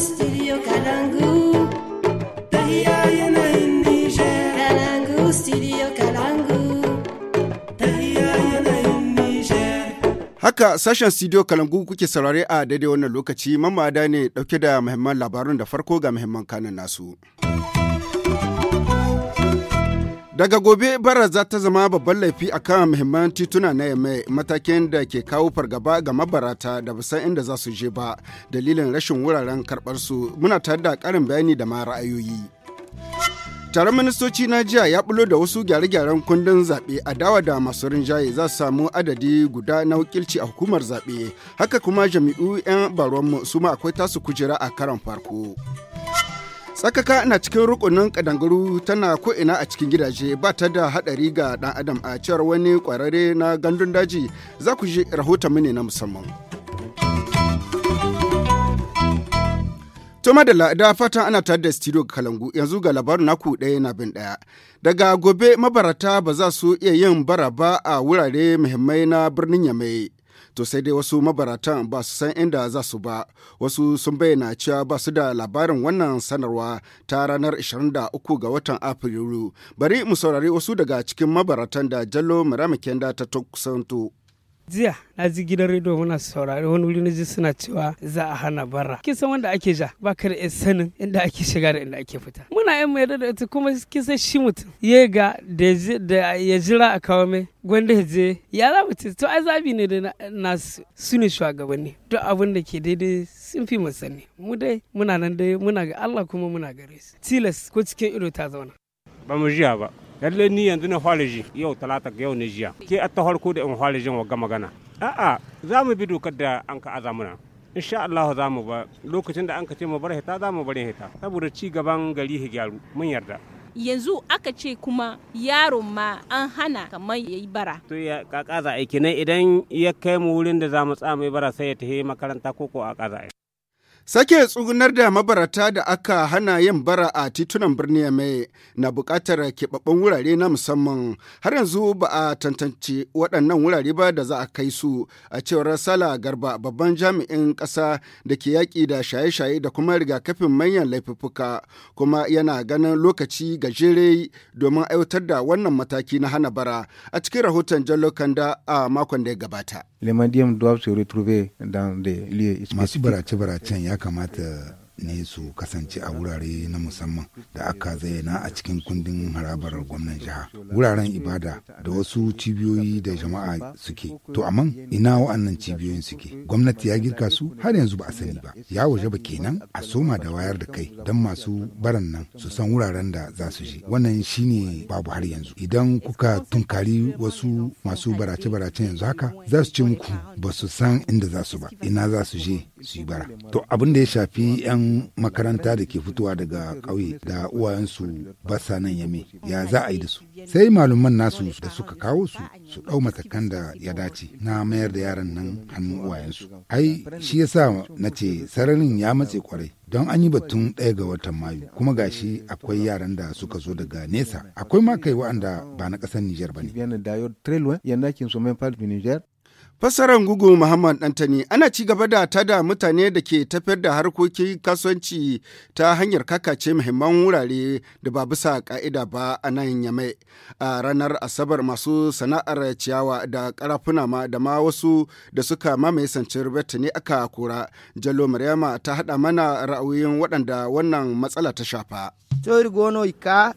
studio Kalangu. Tahiya yana in Kalangu studio Kalangu. Tahiya yana in Haka sashen studio Kalangu kuke saurare a daidai wannan lokaci mamada ne dauke da muhimman labarun da farko ga muhimman kanan nasu. Daga gobe bara za ta zama babban laifi a kan muhimman tituna na yamai matakin da ke kawo fargaba ga mabarata da san inda za su je ba dalilin rashin wuraren karɓarsu muna tare da ƙarin bayani da ma ra'ayoyi. Taron ministoci na jiya ya bulo da wasu gyare-gyaren kundin zaɓe a dawa da masu rinjaye za su samu adadi guda na wakilci a hukumar zaɓe. Haka kuma jami'u 'yan baronmu su ma akwai tasu kujera a karon farko. tsakaka na cikin rukunin kadangaru tana ko'ina a cikin gidaje ba ta da haɗari ga ɗan adam a cewar wani ƙwararre na gandun daji za ku ji rahoton mini na musamman. To madalla da fatan ana tare da studio Kalangu yanzu ga labarin naku ɗaya na bin ɗaya. Daga gobe mabarata ba za su iya yin bara ba a wurare muhimmai na birnin Yamai. to sai dai wasu mabaratan ba su san inda za su ba wasu sun bayyana cewa ba su da labarin wannan sanarwa ta ranar 23 ga watan afrilu bari mu saurari wasu daga cikin mabaratan da jallo maramakenda ta tokusanto jiya na ji gidan rediyo muna saurari wani wuri na ji suna cewa za a hana bara kisan wanda ake ja ba ka ya sanin inda ake shiga da inda ake fita muna yan mai da ita kuma kisan shi mutum ya ga da ya jira a kawo mai gwanda ya je ya za ci to ai zabi ne da na su ne shugabanni duk abin da ke daidai sun fi mu sani mu dai muna nan dai muna ga Allah kuma muna gare su tilas ko cikin ido ta zauna ba mu jiya ba lalle ni yanzu na fara ji yau talata yau ne jiya ke a ta harko da in fara wa gama gana. a'a za mu bi dokar da an ka aza muna insha Allah za mu ba lokacin da an ka ce mu bar hita za mu bar hita saboda ci gaban gari gyaru mun yarda yanzu aka ce kuma yaron ma an hana kamar ya yi bara. To ya kakaza aiki nan idan ya kai mu wurin da za mu tsama bara sai ya tafi makaranta koko a kaza aiki. Sake tsugunar da mabarata da aka hana yin bara a titunan birni mai na bukatar keɓaɓɓen wurare na musamman har yanzu ba a tantance waɗannan wurare ba da za a kai su a cewar sala garba babban jami'in ƙasa da ke yaƙi da shaye-shaye da kuma rigakafin manyan laifuffuka kuma yana ganin lokaci gajere domin aiwatar da wannan mataki na hana bara a cikin rahoton jallo kanda a makon da ya gabata. Masu barace-baracen ya kamata ne su kasance a wurare na musamman da aka zayyana a cikin kundin harabar gwamnan jiha wuraren ibada da wasu cibiyoyi da jama'a suke to amma ina wa'annan cibiyoyin suke gwamnati ya girka su har yanzu ba a sani ba ya waje ba kenan a soma da wayar da kai don masu baran nan su san wuraren da za su je wannan shine babu har yanzu idan kuka tunkari wasu masu barace-barace yanzu haka za su ce muku ba su san inda za su ba ina za su je su bara to abin da ya shafi 'yan makaranta da ke fitowa daga ƙauye da uwayensu ba sa nan yame ya za a yi da su sai malaman nasu da suka kawo su su ɗau matakan da ya dace na mayar da yaran nan hannun uwayensu ai shi ya sa na ce sararin ya matse kwarai don an yi batun ɗaya ga watan mayu kuma gashi akwai yaran da suka zo daga nesa akwai ma kai wa'anda ba na ƙasar Nijar ba ne. fassarar gugu Muhammad Dantani ana ci gaba da tada mutane da ke tafiyar da harkokin kasuwanci ta hanyar kakace muhimman wurare da ba bisa ka'ida ba a nan yamai a ranar asabar masu sana'ar ciyawa da karafuna ma da ma wasu da suka mamaye sancir ne aka kora jallo maryama ta hada mana ra'ayoyin waɗanda wannan matsala ta shafa.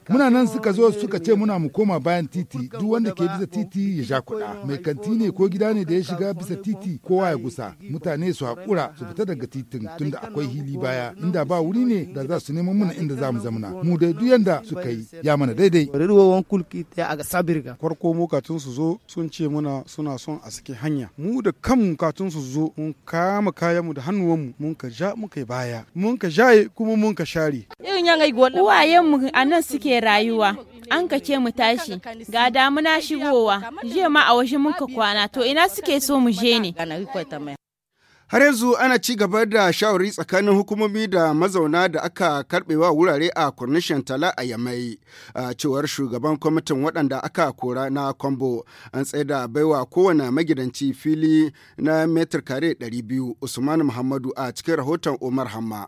Muna nan suka zo suka ce muna mu koma bayan titi duk wanda ke bisa titi ya sha kuɗa mai kanti ne ko gida ne da ya shiga bisa titi kowa ya gusa mutane su hakura su fita daga titin tunda akwai hili baya inda ba wuri ne da za su neman muna inda za mu zamana mu dai duk yanda suka yi ya mana daidai. Farko mu katun su zo sun ce muna suna son a sake hanya mu da kanmu katun su zo mun kama kayanmu da hannuwanmu mun ka ja muka yi baya mun ka jaye kuma mun ka share. Irin yangai Uwayenmu a nan suke rayuwa. an kake mu tashi ga damuna shigowa jiya ma a waje muka kwana to ina suke so mu je ne har yanzu ana ci gaba da shawari tsakanin hukumomi da mazauna da aka karbewa wurare a kurnishin tala a yamai a cewar shugaban kwamitin waɗanda aka kora na kwambo an da baiwa kowane magidanci fili na metar kare 200 usman muhammadu a cikin rahoton umar hamma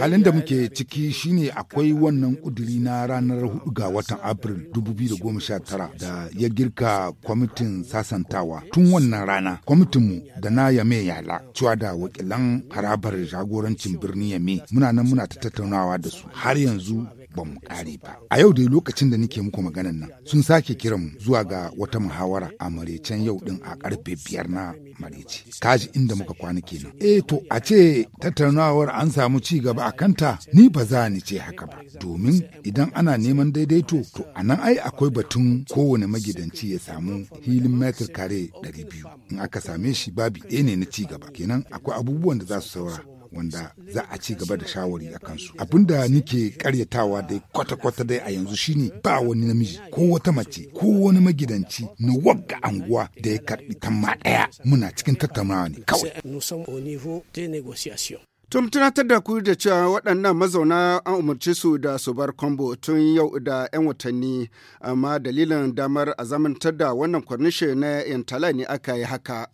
Halin da muke ciki shine akwai wannan kuduri na ranar hudu ga watan april 2019 da ya girka kwamitin sasantawa tun wannan rana kwamitinmu da na yame yala cewa da wakilan harabar jagorancin birnin yame muna nan muna ta tattaunawa da su har yanzu ba mu kare ba a yau dai lokacin da nake muku maganan nan sun sake kiran mu zuwa ga wata muhawara a maraicen yau din a karfe biyar na maraice kaji inda muka kwana kenan eh to a ce tattaunawar an samu ci gaba a kanta ni ba za ni ce haka ba domin idan ana neman daidaito to a nan ai akwai batun kowane magidanci ya samu hilin metar kare 200 in aka same shi babu ɗaya ne na ci gaba kenan akwai abubuwan da za su saura wanda za a ci gaba da shawari a kansu abin da nike karyatawa dai kwata-kwata dai a yanzu shine ba wani namiji ko wata mace ko wani magidanci na wagga anguwa da ya karbi tamma daya muna cikin tattaunawa ne kawai Tun tunatar da ku da cewa waɗannan mazauna an umarci su da su bar kwambo tun yau da 'yan watanni, amma dalilin damar a zamantar da wannan kwarnishe na yantala ne aka yi haka.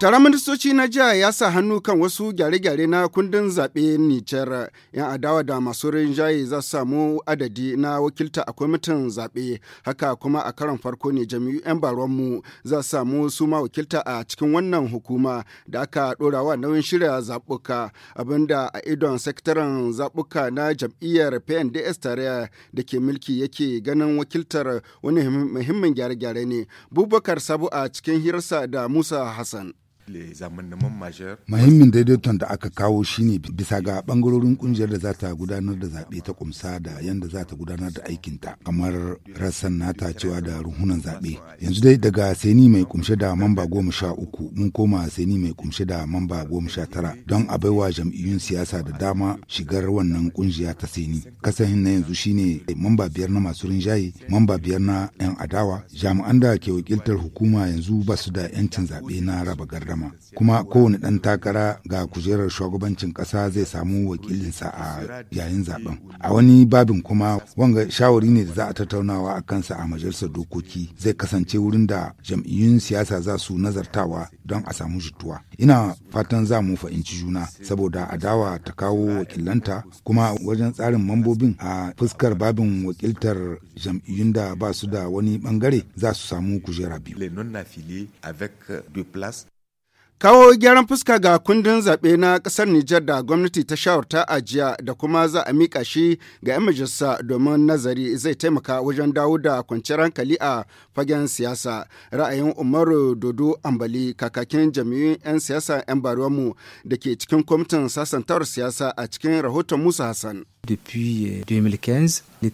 Taron ministoci na jiya ya sa hannu kan wasu gyare-gyare na kundin zaɓe Nijar. 'Yan adawa da masu rinjaye za su samu adadi na wakilta a kwamitin zaɓe. Haka kuma a karon farko ne jami'u 'yan baronmu za su samu su ma wakilta a cikin wannan hukuma da aka ɗora wa nauyin shirya zaɓuka. Abinda a idon sakataren zaɓuka na jam'iyyar PNDS tare da ke mulki yake ganin wakiltar wani muhimmin gyare-gyare ne. Bubakar Sabu a cikin hirarsa da Musa Hassan. mahimmin daidaiton da aka kawo shine bisa ga bangarorin kungiyar da za ta gudanar da zaɓe ta ƙumsa da yadda za ta gudanar da aikinta kamar rassan nata cewa da ruhunan zaɓe. Yanzu dai daga seni mai kumshe da mamba goma sha uku mun koma seni mai kumshe da mamba goma sha tara don a baiwa jam'iyyun siyasa da dama shigar wannan kungiya ta seni. Kasahin na yanzu shine mamba biyar na masu rinjaye, mamba biyar na 'yan adawa, jami'an da ke wakiltar hukuma yanzu ba su da 'yancin zaɓe na raba gardama. sama kuma kowane ɗan takara ga kujerar shugabancin ƙasa zai samu wakilinsa a yayin zaben a wani babin kuma wanga shawari ne da za a tattaunawa a kansa a majalisar dokoki zai kasance wurin da jam'iyyun siyasa za su nazartawa don a samu jituwa ina fatan za mu fahimci juna saboda adawa ta kawo wakilanta kuma wajen tsarin mambobin a fuskar babin wakiltar jam'iyyun da ba su da wani bangare za su samu kujera biyu. Kawo gyaran fuska ga kundin zaɓe na ƙasar Nijar da gwamnati ta shawarta a jiya da kuma za a miƙa shi ga 'yan majalisa domin nazari zai taimaka wajen dawo da kwanciyar hankali a fagen siyasa. Ra'ayin Umaru Dodo Ambali kakakin jami'in 'yan siyasa 'yan mu da ke cikin kwamitin sasantar siyasa a cikin rahoton Musa Hassan. Depuis 2015, eh, Tun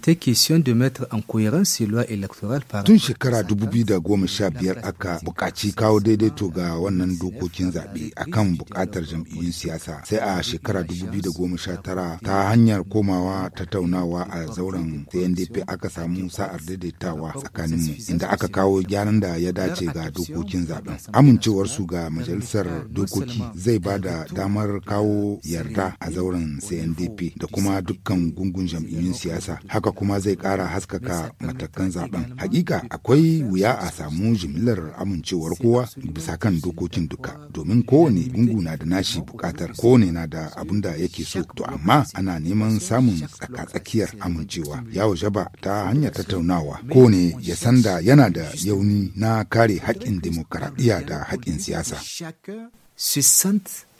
shekara 2015 aka bukaci kawo daidaito ga wannan dokokin zaɓe kan bukatar jam'iyyun siyasa sai a shekara 2019 ta hanyar komawa tattaunawa a zauren CNDP aka samu sa'ar daidaitawa mu inda aka kawo gyaran da ya dace ga dokokin zaɓen. amincewar su ga majalisar dokoki zai ba da damar kawo yarda a zauren CNDP da kuma dukkan gungun jam'iyyun siyasa haka kuma zai ƙara haskaka matakan zaben. Hakika akwai wuya a samu jimillar amincewar kowa bisa kan dokokin duka domin kowane gungu na da nashi bukatar kowane na da abin da yake so to amma ana neman samun tsakatsakiyar amincewa ya ba ta hanyar tattaunawa kowane ya san da yana da yauni na kare haƙƙin demokaradiyya da haƙƙin siyasa.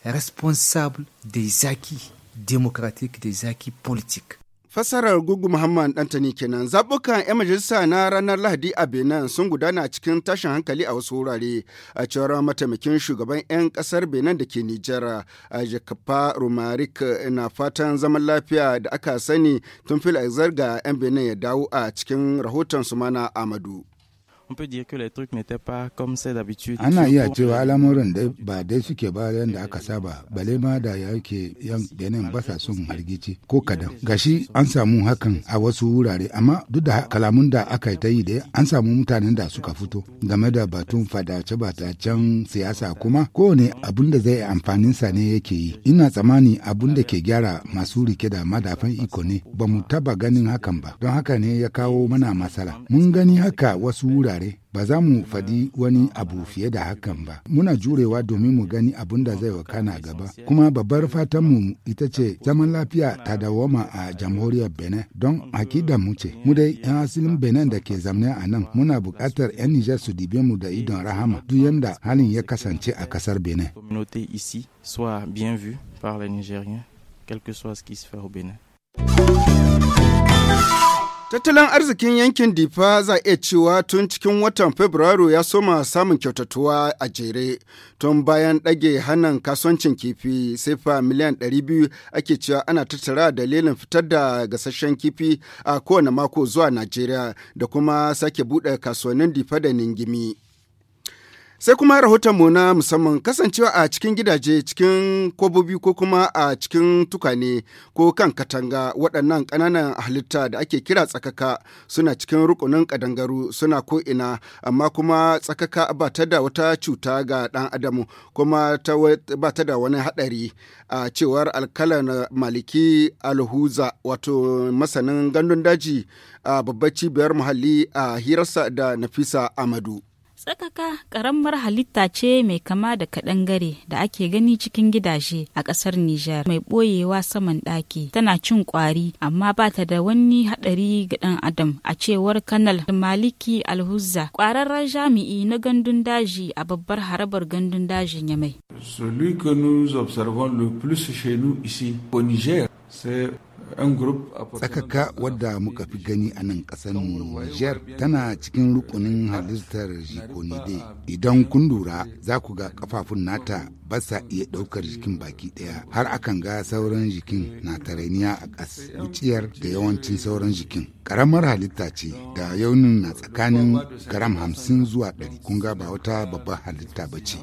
responsable des acquis démocratiques, des acquis politiques. fasarar Gugu Muhammad Dantani kenan zaɓukan 'yan majalisa na ranar Lahadi a Benin sun gudana cikin tashin hankali a wasu wurare a cewar mataimakin shugaban 'yan ƙasar Benin da ke Nijar a Jakapa Rumarik na fatan zaman lafiya da aka sani tun fil zarga 'yan Benin ya dawo a cikin rahoton Sumana Amadu. on peut dire que les trucs n'étaient pas comme c'est d'habitude. Ana iya cewa euh, al'amuran da ba dai suke ba da aka saba bale ma da yake yan benin ba sa son hargici ko kadan. Gashi an samu hakan a wasu wurare amma duk da kalamun da aka ta yi dai an samu mutanen da suka fito game da batun fadace batacen siyasa kuma kowane abun da zai amfanin sa ne yake yi. Ina tsammani abun da ke gyara masu rike da madafan iko ne ba mu taba ganin hakan ba don haka ne ya kawo mana matsala. Mun gani haka wasu wurare saurare ba za mu faɗi wani abu fiye da hakan ba muna jurewa domin mu gani abin da zai wakana gaba kuma babbar fatanmu ita ce zaman lafiya ta dawoma a jamhuriyar benin don hakida mu ce mu dai yan asalin benin da ke zamne a nan muna buƙatar yan nijar su dibe mu da idon rahama duk yanda halin ya kasance a kasar benin Tattalin arzikin yankin Difa za iya cewa tun cikin watan Fabrairu ya soma samun kyautatuwa a jere tun bayan ɗage hannun kasuwancin kifi sai sefa miliyan 200 ake cewa ana tattara dalilin fitar da gasasshen kifi a kowane mako zuwa Najeriya da kuma sake buɗe kasuwannin Difa da Ningimi. Sai kuma rahotonmu na musamman kasancewa a cikin gidaje cikin kobobi ko kuma a cikin tukane ko kan katanga waɗannan ƙananan halitta da ake kira tsakaka suna cikin rukunin ƙadangaru suna ko'ina amma kuma tsakaka ba ta da wata cuta ga ɗan adamu kuma ba ta da wani haɗari a cewar alkalan maliki alhuza wato masanin gandun daji a babbar cibiyar muhalli a hirarsa da nafisa amadu. Tsakaka karamar halitta ce mai kama da kaɗangare da ake gani cikin gidaje a ƙasar Nijar mai ɓoyewa saman ɗaki tana cin ƙwari amma ba ta da wani haɗari ga ɗan adam a cewar kanal Maliki Alhuzza ƙwararren jami'i na gandun daji a babbar harabar gandun dajin Yamai. Celui que nous observons le plus chez nous ici au Niger sai tsakaka wadda muka fi gani a nan ƙasar Nijar tana cikin rukunin halittar jikonide idan kun lura za ku ga kafafun nata ba sa iya ɗaukar jikin baki ɗaya har akan ga sauran jikin na tarainiya a ƙas wuciyar da yawancin sauran jikin karamar halitta ce da yaunin na tsakanin garam hamsin zuwa ɗari kun ga ba wata babbar halitta ba ce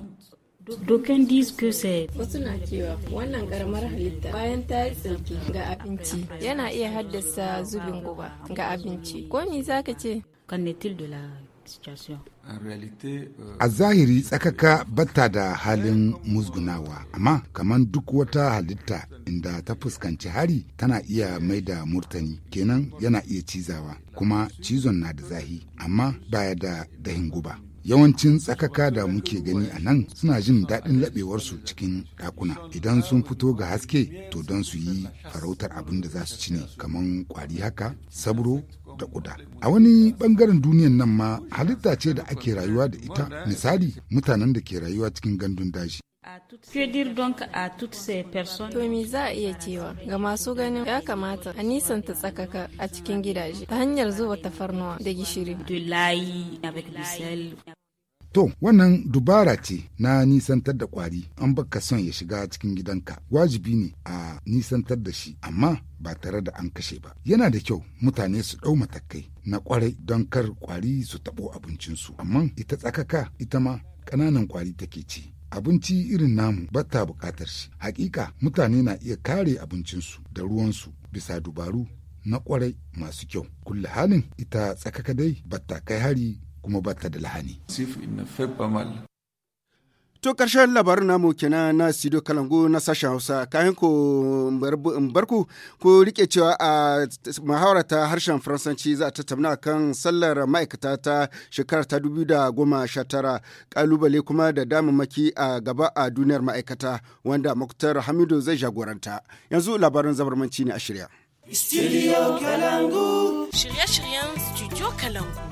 Dokan disku set. Wasu na cewa wannan karamar halitta bayan ta yi tsinki ga abinci yana iya haddasa zubin guba ga abinci. Ko me za ka ce? Kanetil de la euh, A zahiri tsakaka bata da halin musgunawa, amma kamar duk wata halitta inda ta fuskanci hari tana iya mai da murtani, kenan yana iya cizawa, kuma cizon na da zahi, amma baya da dahin guba. Yawancin tsakaka da muke gani a nan suna jin daɗin laɓewarsu cikin ɗakuna. Idan sun fito ga haske to don su yi farautar abin da za su ci ne kamar ƙwari haka, sabro da ƙuda. A wani ɓangaren duniyan nan ma halitta ce da ake rayuwa da ita misali mutanen da ke rayuwa cikin gandun daji. To me za a iya cewa ga masu ganin ya kamata a nisanta tsakaka a cikin gidaje ta hanyar zuba tafarnuwa da gishiri. To, wannan dubara ce na nisantar da kwari an baka son ya shiga cikin gidanka. Wajibi ne a nisantar da shi, amma ba tare da an kashe ba. Yana da kyau mutane su ɗau matakai na kwarai don kar kwari su taɓo abincinsu. Amma ita tsakaka ita ma ƙananan kwari take ci. Abinci irin namu bata buƙatar shi. Hakika mutane na iya kare abincinsu da ruwansu bisa dubaru na kwarai masu kyau. Kulle halin ita tsakaka dai bata kai hari kuma ba ta da lahani. To ƙarshen labarin namu kenan na sido Kalangu na sashen Hausa kayan ku barku ko rike cewa a muhawara ta harshen Faransanci za a tattauna kan sallar ma'aikata ta shekarar ta dubu da goma sha tara kalubale kuma da damammaki a gaba a duniyar ma'aikata wanda Muktar Hamidu zai jagoranta. Yanzu labarin zabarmanci ne a shirya. Studio Kalangu. Shirye-shiryen Studio Kalangu.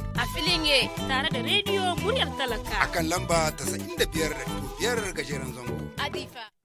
a filin ye tare da rediyo muryar talaka akan lamba 95.5 gajeren zango adifa